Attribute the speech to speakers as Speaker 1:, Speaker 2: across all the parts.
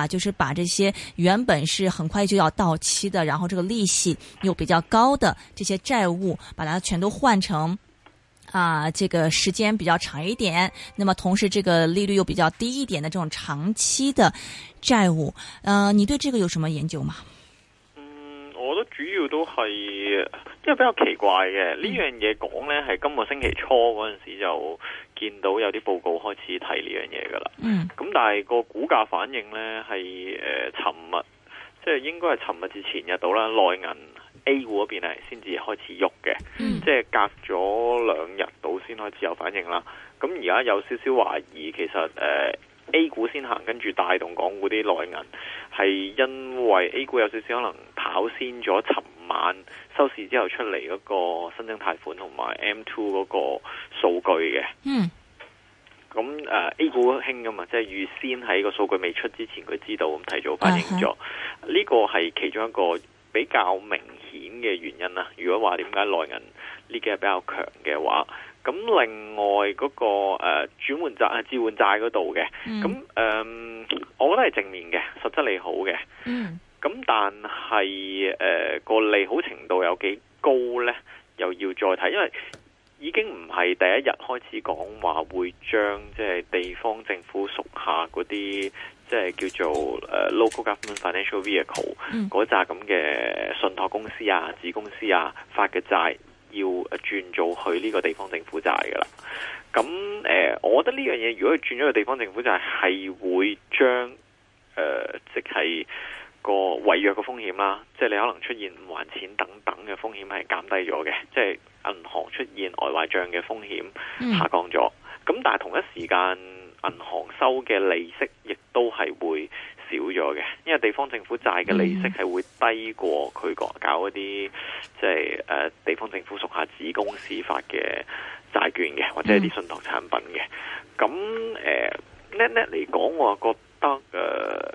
Speaker 1: 啊，就是把這些原本是很快就要到期的，然後這個利息又比較高的這些債務，把它全都換成，啊，這個時間比較長一點，那麼同時這個利率又比較低一點的這種長期的債務，嗯、呃，你對這個有什麼研究嗎？嗯，
Speaker 2: 我覺得主要都係，即、就、係、是、比較奇怪嘅呢樣嘢講咧，係今個星期初嗰陣時候就。見到有啲報告開始提呢樣嘢噶啦，咁但係個股價反應呢係誒，尋、呃、日即係應該係尋日至前日到啦，內銀 A 股嗰邊係先至開始喐嘅、嗯，即係隔咗兩日到先開始有反應啦。咁而家有少少懷疑，其實誒、呃、A 股先行，跟住帶動港股啲內銀，係因為 A 股有少少可能跑先咗尋日晚收市之後出嚟嗰個新增貸款同埋 M two 嗰個數據嘅，
Speaker 3: 嗯，
Speaker 2: 咁誒 A 股興噶嘛，即係預先喺個數據未出之前佢知道，咁提早反映咗，呢、啊這個係其中一個比較明顯嘅原因啦。如果話點解內銀呢幾日比較強嘅話，咁另外嗰、那個誒轉換債誒置換債嗰度嘅，咁、呃、誒、嗯呃，我覺得係正面嘅，實質利好嘅，嗯。咁但係誒、呃、個利好程度有幾高呢？又要再睇，因為已經唔係第一日開始講話會將即係地方政府屬下嗰啲即係叫做、呃、local government financial vehicle 嗰扎咁嘅信託公司啊、子公司啊發嘅債，要轉做去呢個地方政府債噶啦。咁誒、呃，我覺得呢樣嘢如果轉咗去地方政府債，係會將誒、呃、即係。個違約嘅風險啦，即係你可能出現唔還錢等等嘅風險係減低咗嘅，即係銀行出現外壞賬嘅風險下降咗。咁、嗯、但係同一時間，銀行收嘅利息亦都係會少咗嘅，因為地方政府債嘅利息係會低過佢個搞一啲即係誒地方政府屬下子公司發嘅債券嘅，或者係啲信託產品嘅。咁誒，叻叻嚟講，我覺得誒。呃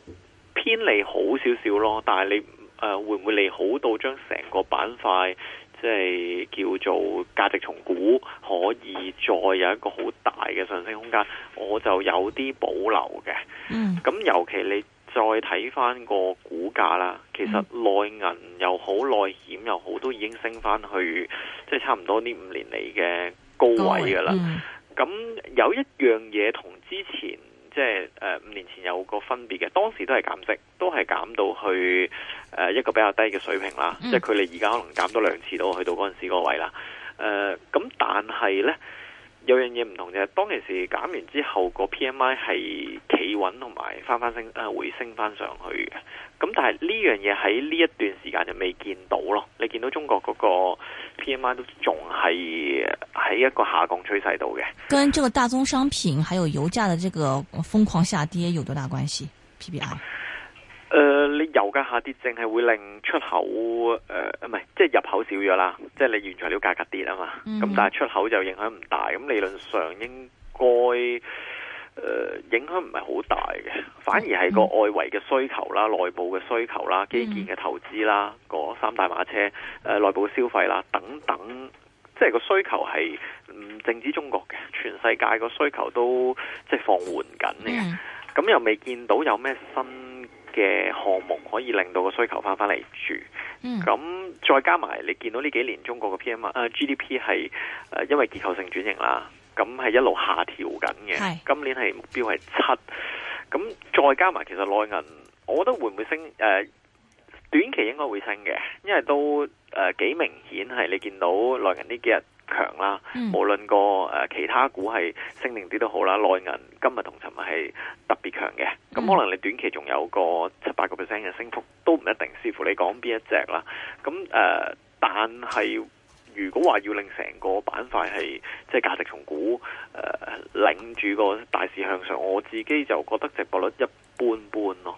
Speaker 2: 利好少少咯，但係你誒、呃、會唔會利好到將成個板塊即係叫做價值重估可以再有一個好大嘅上升空間？我就有啲保留嘅。嗯，
Speaker 3: 咁尤
Speaker 2: 其你再睇翻個股價啦，其實內銀又好，內險又好，都已經升翻去即係、就是、差唔多呢五年嚟嘅高位噶啦。咁、嗯、有一樣嘢同之前。即係誒五年前有個分別嘅。當時都係減息，都係減到去誒一個比較低嘅水平啦。即係佢哋而家可能減多兩次到去到嗰陣時個位啦。誒、呃、咁，但係咧。有樣嘢唔同嘅，當其時減完之後個 P M I 係企穩同埋翻翻升，誒回升翻上去嘅。咁但係呢樣嘢喺呢一段時間就未見到咯。你見到中國嗰個 P M I 都仲係喺一個下降趨勢度嘅。
Speaker 1: 跟這個大宗商品還有油價的這個瘋狂下跌有多大關係？P P I？
Speaker 2: 誒、呃，你油價下跌，淨係會令出口誒，唔、呃、係即係入口少咗啦，即係你原材料價格跌啊嘛。咁、嗯、但係出口就影響唔大，咁理論上應該誒、呃、影響唔係好大嘅，反而係個外圍嘅需求啦、內部嘅需求啦、基建嘅投資啦，嗰、嗯、三大馬車誒、內、呃、部消費啦等等，即係個需求係唔淨止中國嘅，全世界個需求都即係放緩緊嘅，咁、嗯、又未見到有咩新。嘅項目可以令到個需求翻返嚟住，咁、嗯、再加埋你見到呢幾年中國嘅 PM 啊 GDP 係因為結構性轉型啦，咁係一路下調緊嘅，今年係目標係七，咁再加埋其實內銀，我覺得會唔會升？誒，短期應該會升嘅，因為都誒幾明顯係你見到內銀呢幾日。強啦，無論個誒其他股係升定跌都好啦，內銀今日同尋日係特別強嘅，咁可能你短期仲有個七八個 percent 嘅升幅都唔一定，視乎你講邊一隻啦。咁誒、呃，但係如果話要令成個板塊係即係價值重估誒，領住個大市向上，我自己就覺得值博率一般般咯。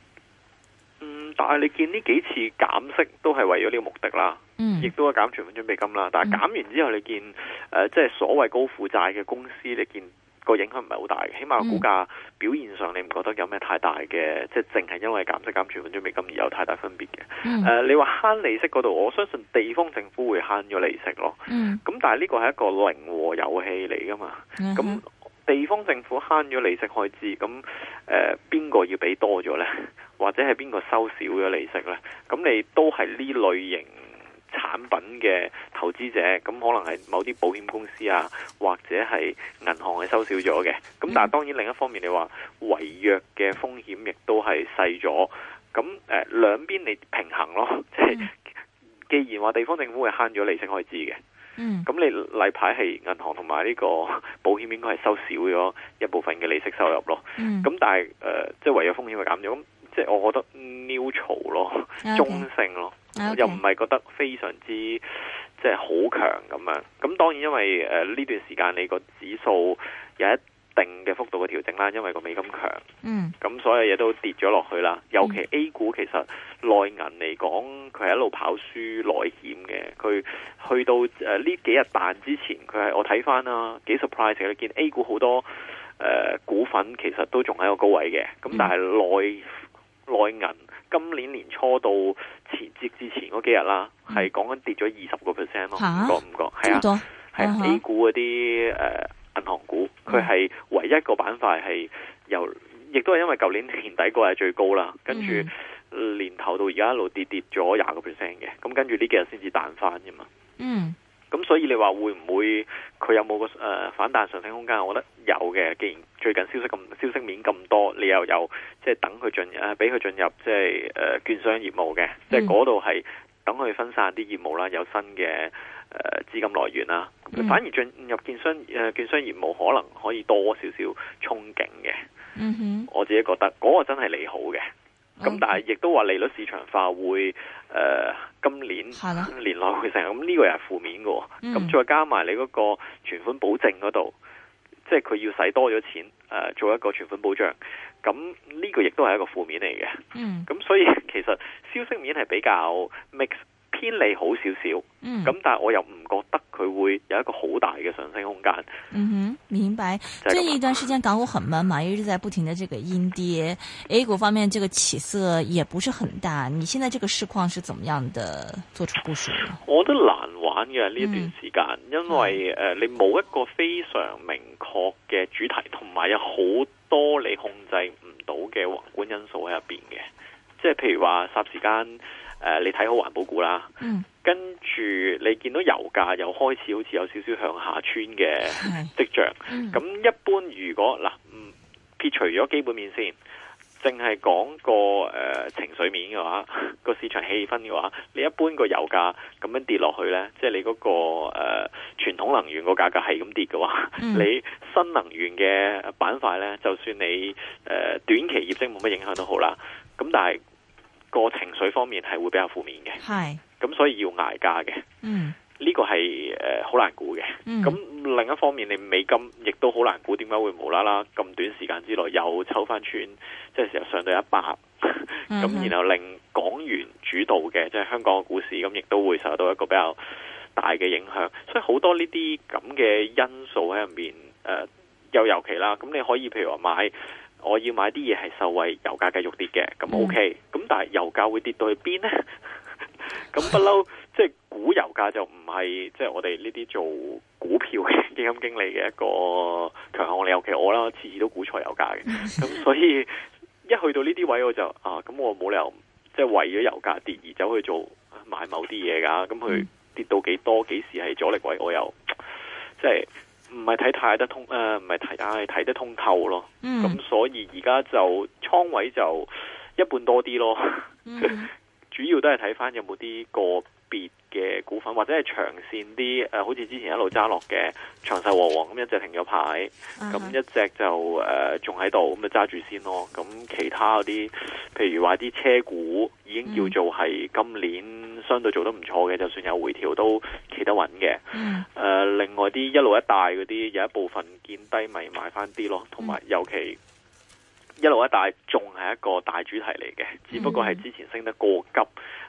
Speaker 2: 啊！你見呢幾次減息都係為咗呢個目的啦，亦、嗯、都係減存款準備金啦。但係減完之後，你見誒、呃、即係所謂高負債嘅公司，你見個影響唔係好大嘅。起碼股價表現上，你唔覺得有咩太大嘅、嗯，即係淨係因為減息、減存款準備金而有太大分別嘅。誒、嗯啊，你話慳利息嗰度，我相信地方政府會慳咗利息咯。咁、嗯、但係呢個係一個零和遊戲嚟噶嘛？咁、嗯。地方政府慳咗利息開支，咁誒，邊個要俾多咗呢？或者係邊個收少咗利息呢？咁你都係呢類型產品嘅投資者，咁可能係某啲保險公司啊，或者係銀行係收少咗嘅。咁但係當然另一方面你話違約嘅風險亦都係細咗。咁誒，兩邊你平衡咯。即係既然話地方政府係慳咗利息開支嘅。嗯，咁你例牌係銀行同埋呢個保險應該係收少咗一部分嘅利息收入咯、嗯。咁但係誒，即、呃、係、就是、違約風險會減咗，咁即係我覺得 neutral 咯，中性咯，okay, okay. 我又唔係覺得非常之即係好強咁樣。咁當然因為誒呢、呃、段時間你個指數有一定嘅幅度嘅調整啦，因為個美金咁強，咁、嗯、所有嘢都跌咗落去啦。尤其 A 股其實內銀嚟講，佢係一路跑輸內險嘅。佢去到誒呢、呃、幾日半之前，佢係我睇翻啦，幾 surprise 佢見 A 股好多誒、呃、股份其實都仲喺個高位嘅。咁、嗯嗯、但係內內銀今年年初到前節之前嗰幾日啦，係講緊跌咗二十個 percent 咯。唔覺唔覺？係啊，係、啊啊、A 股嗰啲誒銀行股。佢係唯一個板塊係由，亦都係因為舊年年底個係最高啦，跟住年頭到而家一路跌，跌咗廿個 percent 嘅，咁跟住呢幾日先至彈翻啫嘛。嗯，咁所以你話會唔會佢有冇個誒反彈上升空間？我覺得有嘅，既然最近消息咁消息面咁多，你又有即係等佢進入，俾佢進入即係誒券商業務嘅，即係嗰度係等佢分散啲業務啦，有新嘅。誒、呃，資金來源啦、嗯，反而進入建商建商業務可能可以多，多少少憧憬嘅、嗯。我自己覺得嗰個真係利好嘅。咁、嗯、但係亦都話利率市場化會誒、呃、今年年內會成，日咁呢個又係負面喎。咁、嗯、再加埋你嗰個存款保證嗰度，即係佢要使多咗錢、呃、做一個存款保障。咁呢個亦都係一個負面嚟嘅。咁、嗯、所以其實消息面係比較 mix。偏離好少少，咁、嗯、但係我又唔覺得佢會有一個好大嘅上升空間。
Speaker 1: 嗯哼，明白。最、就、近、是、一段時間港股很悶嘛，一直在不停嘅這個陰跌。A 股方面，這個起色也不是很大。你現在這個市況是怎麼樣的？作出部署？
Speaker 2: 我覺得難玩嘅呢段時間，因為誒、嗯呃、你冇一個非常明確嘅主題，同埋有好多你控制唔到嘅宏觀因素喺入邊嘅，即係譬如話霎時間。誒、呃，你睇好環保股啦，嗯、跟住你見到油價又開始好似有少少向下穿嘅跡象，咁、嗯、一般如果嗱、嗯，撇除咗基本面先，淨係講個誒、呃、情緒面嘅話，個市場氣氛嘅話，你一般個油價咁樣跌落去呢，即、就、係、是、你嗰、那個誒傳、呃、統能源個價格係咁跌嘅話、嗯，你新能源嘅板塊呢，就算你誒、呃、短期業績冇乜影響都好啦，咁但係。個情緒方面係會比較負面嘅，係咁所以要捱價嘅，嗯，呢、這個係誒好難估嘅，嗯，咁另一方面，你美金亦都好難估，點解會無啦啦咁短時間之內又抽翻穿即係成日上到一百，咁 然後令港元主導嘅，即、就、係、是、香港嘅股市，咁亦都會受到一個比較大嘅影響，所以好多呢啲咁嘅因素喺入面，誒、呃、又尤其啦，咁你可以譬如話買。我要買啲嘢係受惠油價繼續跌嘅，咁 OK，咁、mm. 但係油價會跌到去邊呢？咁、 就是、不嬲，即係估油價就唔係即係我哋呢啲做股票嘅基金經理嘅一個強項。我哋尤其我啦，次次都估錯油價嘅，咁、mm. 所以一去到呢啲位我就啊，咁我冇理由即係、就是、為咗油價跌而走去做買某啲嘢噶，咁、mm. 佢跌到幾多，幾時係阻力位，我又即係。就是唔係睇太得通，誒唔係睇，太睇、啊、得通透咯。咁、mm. 所以而家就倉位就一半多啲咯。 主要都係睇翻有冇啲個別。嘅股份或者係長線啲、呃，好似之前一路揸落嘅長實和黃咁一隻停咗牌，咁、uh-huh. 一隻就誒仲喺度，咁、呃、就揸住先咯。咁其他嗰啲，譬如話啲車股已經叫做係今年相對做得唔錯嘅，mm. 就算有回調都企得穩嘅。誒、
Speaker 3: mm.
Speaker 2: 呃，另外啲一,一路一帶嗰啲有一部分見低咪買翻啲咯，同埋尤其一路一帶仲係一個大主題嚟嘅，只不過係之前升得過急。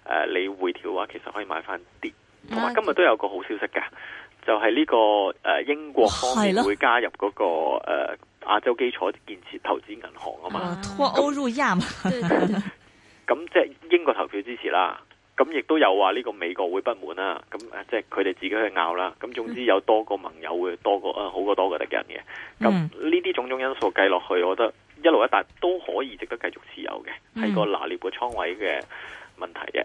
Speaker 2: 誒、呃，你回調話，話，其實可以買翻啲。同埋今日都有個好消息嘅，就係、是、呢、這個誒、呃、英國方面會加入嗰、那個誒亞、呃、洲基礎建設投資銀行啊嘛。脱、
Speaker 1: 啊、歐、啊、入亞嘛。
Speaker 2: 咁即係英國投票支持啦。咁亦都有話呢個美國會不滿啦。咁即係佢哋自己去拗啦。咁總之有多個盟友會多個好過多個敵人嘅。咁呢啲種種因素計落去，我覺得一路一帶都可以值得繼續持有嘅，係、嗯、個拿捏個倉位嘅
Speaker 1: 問題嘅。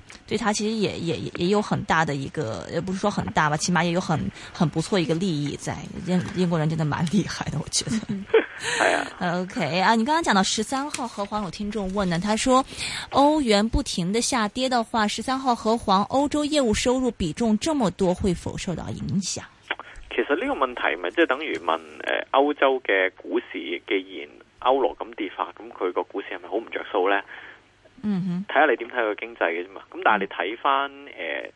Speaker 1: 所以它其實也也也有很大的一個，也不是說很大吧，起碼也有很很不錯一個利益在。英英國人真的蠻厲害的，我覺得。
Speaker 3: OK
Speaker 1: 啊，你剛剛講到十三號和黃有聽眾問呢，他說，歐元不停的下跌的話，十三號和黃歐洲業務收入比重這麼多，會否受到影響？
Speaker 2: 其實呢個問題咪即係等於問誒、呃，歐洲嘅股市既然歐羅咁跌法，咁佢個股市係咪好唔着數呢？嗯哼，睇下你點睇佢經濟嘅啫嘛。咁但係你睇翻誒，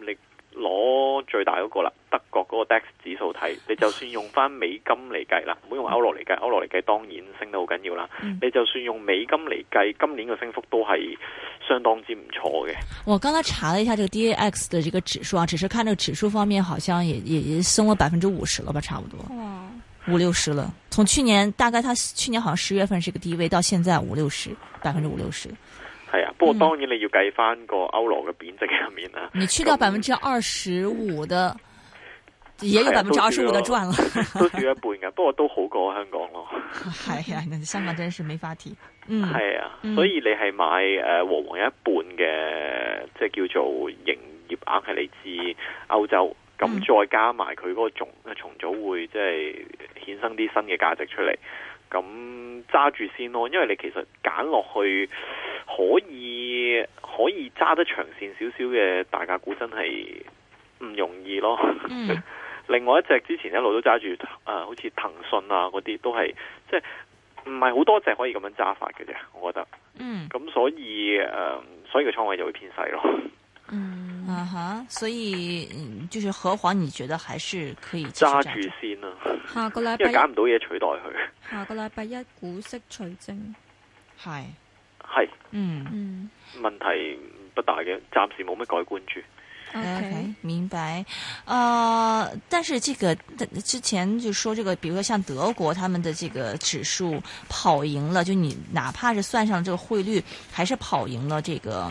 Speaker 2: 你攞最大嗰個啦，德國嗰個 DAX 指數睇，你就算用翻美金嚟計啦，唔好用歐羅嚟計，歐羅嚟計當然升得好緊要啦、嗯。你就算用美金嚟計，今年嘅升幅都係相當之唔錯嘅。
Speaker 1: 我剛才查了一下這個 DAX 的這個指數啊，只是看這個指數方面，好像也也升了百分之五十了吧，差不多，五六十了。從去年大概，他去年好像十月份是個低位，到現在五六十，百分之五六十。
Speaker 2: 係啊，不過當然你要計翻個歐羅嘅貶值入面啦、嗯。你去
Speaker 1: 到百分之二十五的、嗯，也有百分之二十五的賺啦。都少，了 都
Speaker 2: 少了一半嘅，不過都好過香港咯。
Speaker 1: 係、嗯、 啊，香港真係沒法提嗯，係
Speaker 2: 啊、嗯，所以你係買誒、呃、和黃一半嘅，即係叫做營業額係嚟自歐洲，咁、嗯、再加埋佢嗰個重重組會，即、就、係、是、衍生啲新嘅價值出嚟，咁揸住先咯。因為你其實揀落去。可以可以揸得長線少少嘅大價股真係唔容易咯。嗯、 另外一隻之前一路都揸住誒，好似騰訊啊嗰啲都係，即係唔係好多隻可以咁樣揸法嘅啫。我覺得嗯，咁所以誒、呃，所以個倉位就會偏細咯。
Speaker 1: 嗯啊哈，所以就是和黃，你覺得還是可以揸住
Speaker 2: 先咯、啊。下個禮拜因為揀唔到嘢取代佢。
Speaker 1: 下個禮拜一股息除淨係。 是係，
Speaker 2: 嗯嗯，問題不大嘅，暫時冇乜改觀住。
Speaker 1: OK。OK，明白。誒、呃，但是這個之前就說，這個，比如說像德國，他們的這個指數跑贏了，就你哪怕是算上這個匯率，還是跑贏了這個。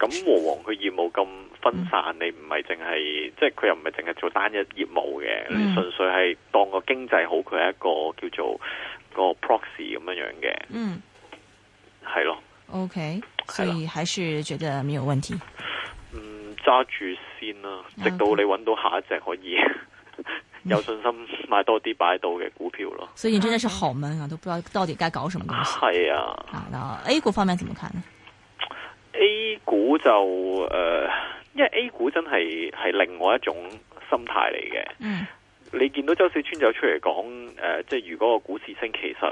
Speaker 2: 咁和黃佢業務咁分散，嗯、你唔係淨係，即係佢又唔係淨係做單一業務嘅、嗯，你純粹係當個經濟好，佢係一個叫做個 proxy 咁樣樣嘅。嗯，係咯。O、
Speaker 1: okay, K，所以還是覺得沒有問題。嗯，
Speaker 2: 揸住先啦、啊，okay. 直到你揾到下一隻可以 有信心買多啲擺到嘅股票咯。
Speaker 1: 所以你真的好悶啊，都不知道到底該搞什麼東
Speaker 2: 西。
Speaker 1: 係啊。啊，A 股方面怎麼看呢？
Speaker 2: A 股就誒、呃，因為 A 股真係係另外一種心態嚟嘅。嗯，你見到周小川就出嚟講，誒、呃，即係如果個股市升，其實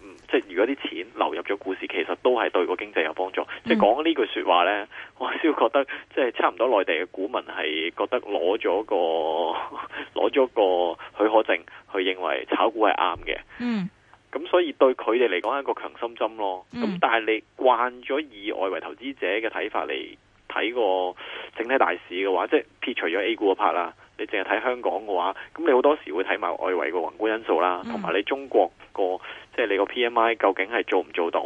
Speaker 2: 嗯、呃，即係如果啲錢流入咗股市，其實都係對個經濟有幫助。即係講呢句說話咧，我先覺得，即係差唔多內地嘅股民係覺得攞咗個攞咗個許可證，去認為炒股係啱嘅。嗯。咁所以對佢哋嚟講係一個強心針咯。咁、嗯、但係你慣咗以外圍投資者嘅睇法嚟睇個整體大市嘅話，即係撇除咗 A 股嘅 part 啦，你淨係睇香港嘅話，咁你好多時會睇埋外圍嘅宏觀因素啦，同、嗯、埋你中國個即係你個 PMI 究竟係做唔做到？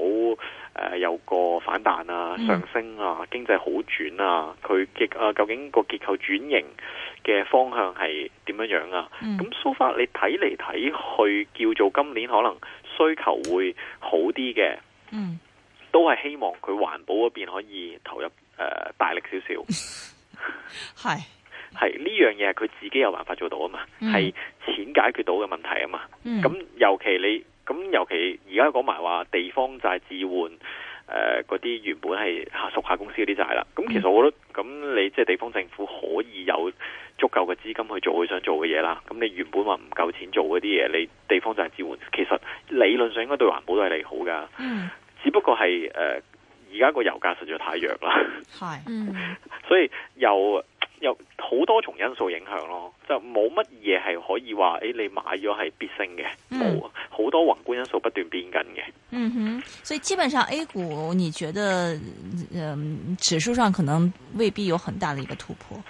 Speaker 2: 誒、呃，有個反彈啊，上升啊，嗯、經濟好轉啊，佢結、呃、究竟個結構轉型嘅方向係點樣樣啊？咁、嗯、so far 你睇嚟睇去，叫做今年可能需求會好啲嘅，嗯，都係希望佢環保嗰邊可以投入誒、呃、大力少少，
Speaker 1: 係
Speaker 2: 係呢樣嘢，佢自己有辦法做到啊嘛，係、嗯、錢解決到嘅問題啊嘛，咁、嗯、尤其你。咁尤其而家講埋話地方債置換，誒、呃，嗰啲原本係屬下公司嗰啲債啦。咁其實我覺得，咁你即係地方政府可以有足夠嘅資金去做佢想做嘅嘢啦。咁你原本話唔夠錢做嗰啲嘢，你地方債置換，其實理論上應該對環保都係利好噶。嗯，只不過係誒。呃而家個油價實在太弱啦，
Speaker 3: 係，嗯，
Speaker 2: 所以又有好多重因素影響咯，就冇乜嘢係可以話，誒、哎，你買咗係必升嘅，冇、嗯、好多宏觀因素不斷變緊嘅。嗯
Speaker 1: 哼，所以基本上 A 股，你覺得，呃、指數上可能未必有很大的一個突破、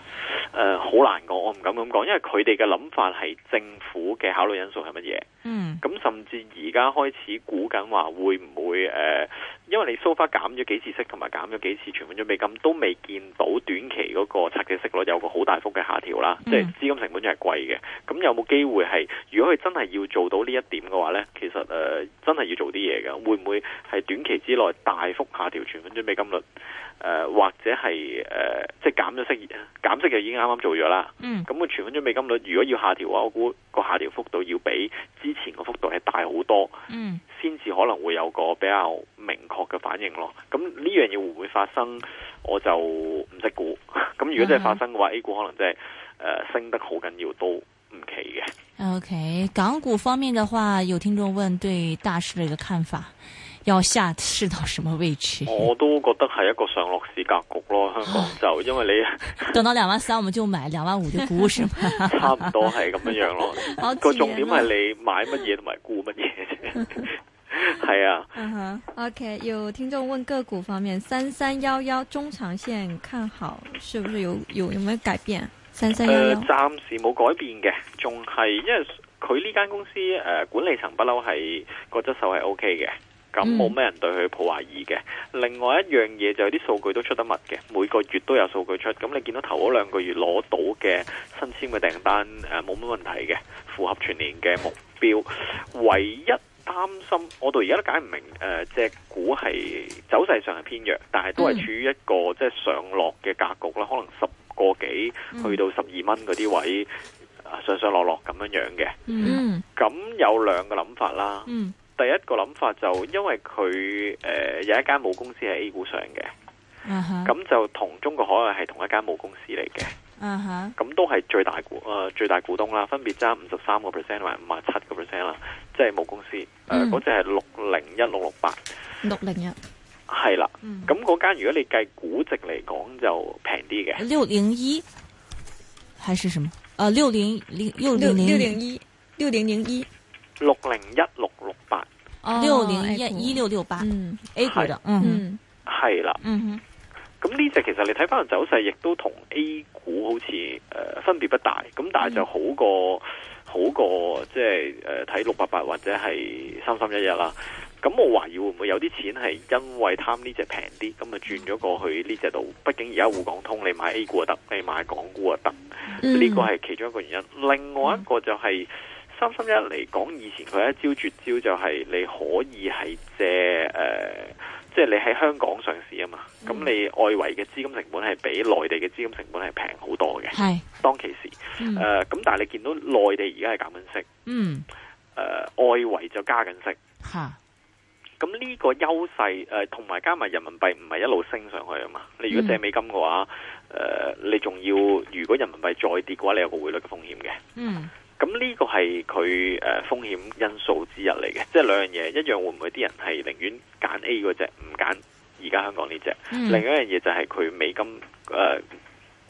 Speaker 2: 呃。誒，好難講，我唔敢咁講，因為佢哋嘅諗法係政府嘅考慮因素係乜嘢？嗯，咁甚至而家開始估緊話會唔會誒、呃？因為你 so far 減咗幾次息，同埋減咗幾次存款準備金，都未見到短期嗰個拆借息率有個好大幅嘅下調啦。即、嗯、係、就是、資金成本就係貴嘅。咁有冇機會係？如果佢真係要做到呢一點嘅話咧，其實、呃、真係要做啲嘢嘅。會唔會係短期之內大幅下調存款準備金率？呃、或者係即係減咗息？減息就已經啱啱做咗啦。咁個存款準備金率如果要下調嘅話，我估個下調幅度要比之前個幅度係大好多，嗯，先至可能會有個比較明確嘅反應咯。咁呢樣嘢會唔會發生？我就唔識估。咁如果真係發生嘅話、uh-huh.，A 股可能真係呃，升得好緊要都唔奇嘅。
Speaker 1: OK，港股方面嘅話，有聽眾問對大市嘅一個看法。要下市到什麼位置？我
Speaker 2: 都覺得係一個上落市格局咯，香港就、啊、因為你
Speaker 1: 等到兩萬三，我們就買兩 萬五就沽是嗎 差唔多
Speaker 2: 係咁樣樣咯。
Speaker 1: 個重點係你
Speaker 2: 買乜嘢同埋沽乜嘢
Speaker 1: 啫，係 啊。Uh-huh. OK，有聽眾問個股方面，三三幺幺中長線看好，是不是有有有冇改變？三三幺幺
Speaker 2: 暫時冇改變嘅，仲係因為佢呢間公司誒、呃、管理層不嬲係個質素係 OK 嘅。咁冇咩人對佢抱懷疑嘅。另外一樣嘢就係啲數據都出得密嘅，每個月都有數據出。咁你見到頭嗰兩個月攞到嘅新簽嘅訂單誒，冇、呃、乜問題嘅，符合全年嘅目標。唯一擔心，我到而家都解唔明誒，隻、呃、股係走勢上係偏弱，但係都係處於一個、嗯、即係上落嘅格局啦。可能十個幾、嗯、去到十二蚊嗰啲位，上上落落咁樣樣嘅。咁、嗯、有兩個諗法啦。嗯第一個諗法就是因為佢誒有一間母公司係 A 股上嘅，咁、
Speaker 3: uh-huh.
Speaker 2: 就同中國海外係同一間母公司嚟嘅，咁、uh-huh. 都係最大股誒、呃、最大股東啦，分別揸五十三個 percent 同埋五十七個 percent 啦，即、就、係、是、母公司誒嗰隻係六零一六六八六零一係啦，咁嗰間如果你計估值嚟講就平啲嘅
Speaker 1: 六零一、601？還是什麼啊？六零零六,六零零一六零零一六零一六,零一 601, 六零一六零一一六六八，
Speaker 2: 嗯，A 股嘅、嗯，嗯，係啦，嗯，咁呢隻其實你睇翻個走勢，亦都同 A 股好似，誒，分別不大，咁但係就好過、嗯、好過即係誒睇六八八或者係三三一一啦，咁我懷疑會唔會有啲錢係因為貪呢隻平啲，咁啊轉咗過去呢隻度，畢竟而家滬港通你買 A 股就得，你買港股就得，
Speaker 3: 呢、嗯、個係
Speaker 2: 其中一個原因，另外一個就係、是。嗯嗯三三一嚟講，以前佢一招絕招就係你可以係借誒，即、呃、係、就是、你喺香港上市啊嘛。咁、嗯、你外圍嘅資金成本係比內地嘅資金成本係平好多嘅。係當其時誒，咁、嗯呃、但係你見到內地而家係減緊息，嗯，誒、呃，外圍就加緊息吓。咁呢個優勢誒，同、呃、埋加埋人民幣唔係一路升上去啊嘛。你如果借美金嘅話，誒、嗯呃，你仲要如果人民幣再跌嘅話，你有個匯率嘅風險嘅。嗯。咁呢個係佢誒風險因素之一嚟嘅，即係兩樣嘢，一樣會唔會啲人係寧願揀 A 嗰隻，唔揀而家香港呢隻、嗯？另一樣嘢就係佢美金誒。呃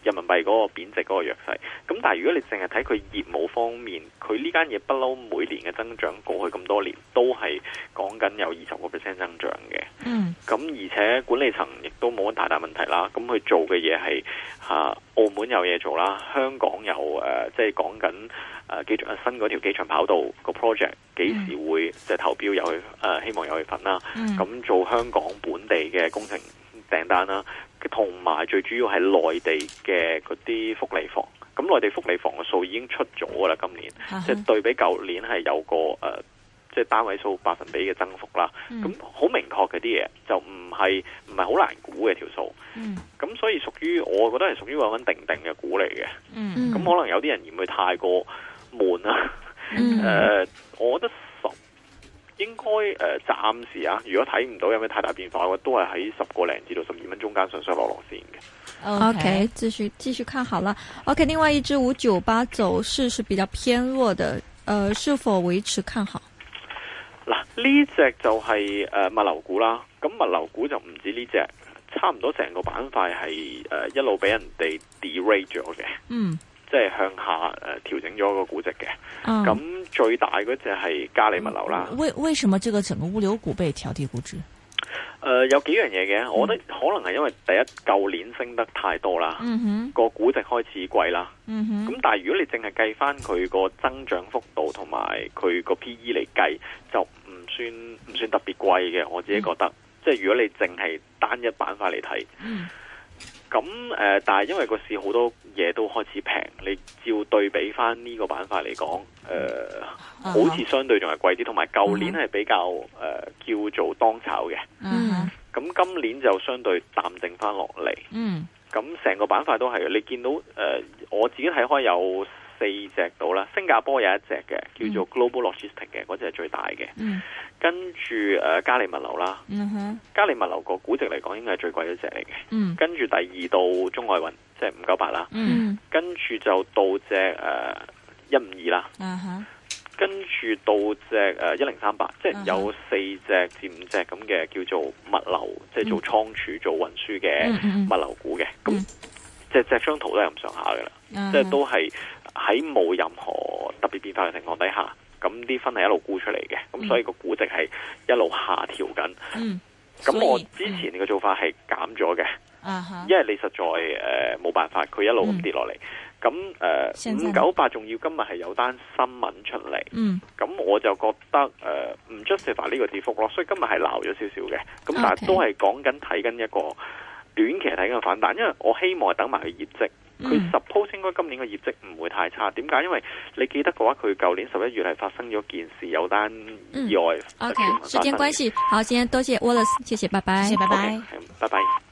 Speaker 2: 人民幣嗰個貶值嗰個弱勢，咁但係如果你淨係睇佢業務方面，佢呢間嘢不嬲每年嘅增長，過去咁多年都係講緊有二十個 percent 增長嘅。嗯，咁而且管理層亦都冇乜大大問題啦。咁佢做嘅嘢係嚇澳門有嘢做啦，香港有誒，即係講緊誒機場新嗰條機場跑道個 project 幾時會即係、嗯、投標有去誒，希望有去份啦。咁、嗯、做香港本地嘅工程。訂單啦、啊，同埋最主要係內地嘅嗰啲福利房，咁內地福利房嘅數已經出咗噶啦，今年即係、啊就是、對比舊年係有個誒，即、呃、係、就是、單位數百分比嘅增幅啦。咁、嗯、好明確嘅啲嘢，就唔係唔係好難估嘅條數。咁、嗯、所以屬於我覺得係屬於穩穩定定嘅股嚟嘅。咁可能有啲人嫌佢太過悶啦。誒，我覺得定定。嗯 應該誒，暫時啊，如果睇唔到有咩太大變化，嘅都係喺十個零至到十二蚊中間上上落落先嘅。
Speaker 1: OK，繼續繼續看好了。OK，另外一支五九八走勢是比較偏弱的，誒、呃，是否維持看好？
Speaker 2: 嗱，呢隻就係、是、誒、呃、物流股啦，咁物流股就唔止呢隻，差唔多成個板塊係誒一路俾人哋 derate 咗嘅。嗯。即係向下調、呃、整咗個估值嘅，咁、嗯、最大嗰隻係嘉里物流啦。為
Speaker 1: 為什麼這個整個物流股被調低估值？
Speaker 2: 有幾樣嘢嘅、嗯，我覺得可能係因為第一舊年升得太多啦，嗯、個估值開始貴啦。咁、嗯、但係如果你淨係計翻佢個增長幅度同埋佢個 P E 嚟計，就唔算唔算特別貴嘅。我自己覺得，嗯、即係如果你淨係單一板塊嚟睇。嗯咁誒、呃，但係因為個市好多嘢都開始平，你照對比翻呢個板塊嚟講，誒、呃，好似相對仲係貴啲，同埋舊年係比較誒、mm-hmm. 呃、叫做當炒嘅。嗯，咁今年就相對淡靜翻落嚟。嗯、mm-hmm.，咁成個板塊都係你見到誒、呃，我自己睇開有。四隻到啦，新加坡有一隻嘅，叫做 Global Logistics 嘅，嗰隻係最大嘅、嗯。跟住誒嘉利物流啦，嗯嘉利物流個估值嚟講，應該係最貴一隻嚟嘅。跟住第二到中外運，就是嗯呃嗯呃嗯，即係五九八啦。跟住就到隻誒一五二啦。跟住到隻誒一零三八，即係有四隻至五隻咁嘅，叫做物流，即、嗯、係、就是、做倉儲、嗯、做運輸嘅物流股嘅。咁即係隻張圖都係咁上下噶啦、嗯，即係都係。喺冇任何特別變化嘅情況底下，咁啲分係一路沽出嚟嘅，咁所以個估值係一路下調緊。嗯，咁我之前嘅做法係減咗嘅、嗯嗯，因為你實在誒冇、呃、辦法，佢一路咁跌落嚟。咁誒五九八仲要今日係有單新聞出嚟，嗯，咁我就覺得誒唔 justify 呢個跌幅咯，呃、default，所以今日係鬧咗少少嘅，咁但係都係講緊睇緊一個短期睇緊個反彈，因為我希望係等埋佢業績。佢十鋪應該今年嘅業績唔會太差，點解？因為你記得嘅話，佢舊年十一月係發生咗件事，有單意外、嗯、意外 okay, 時間關
Speaker 1: 係。好，今天多謝 Wallace，謝謝，拜拜，謝謝，拜拜，
Speaker 2: 拜拜。Okay, bye bye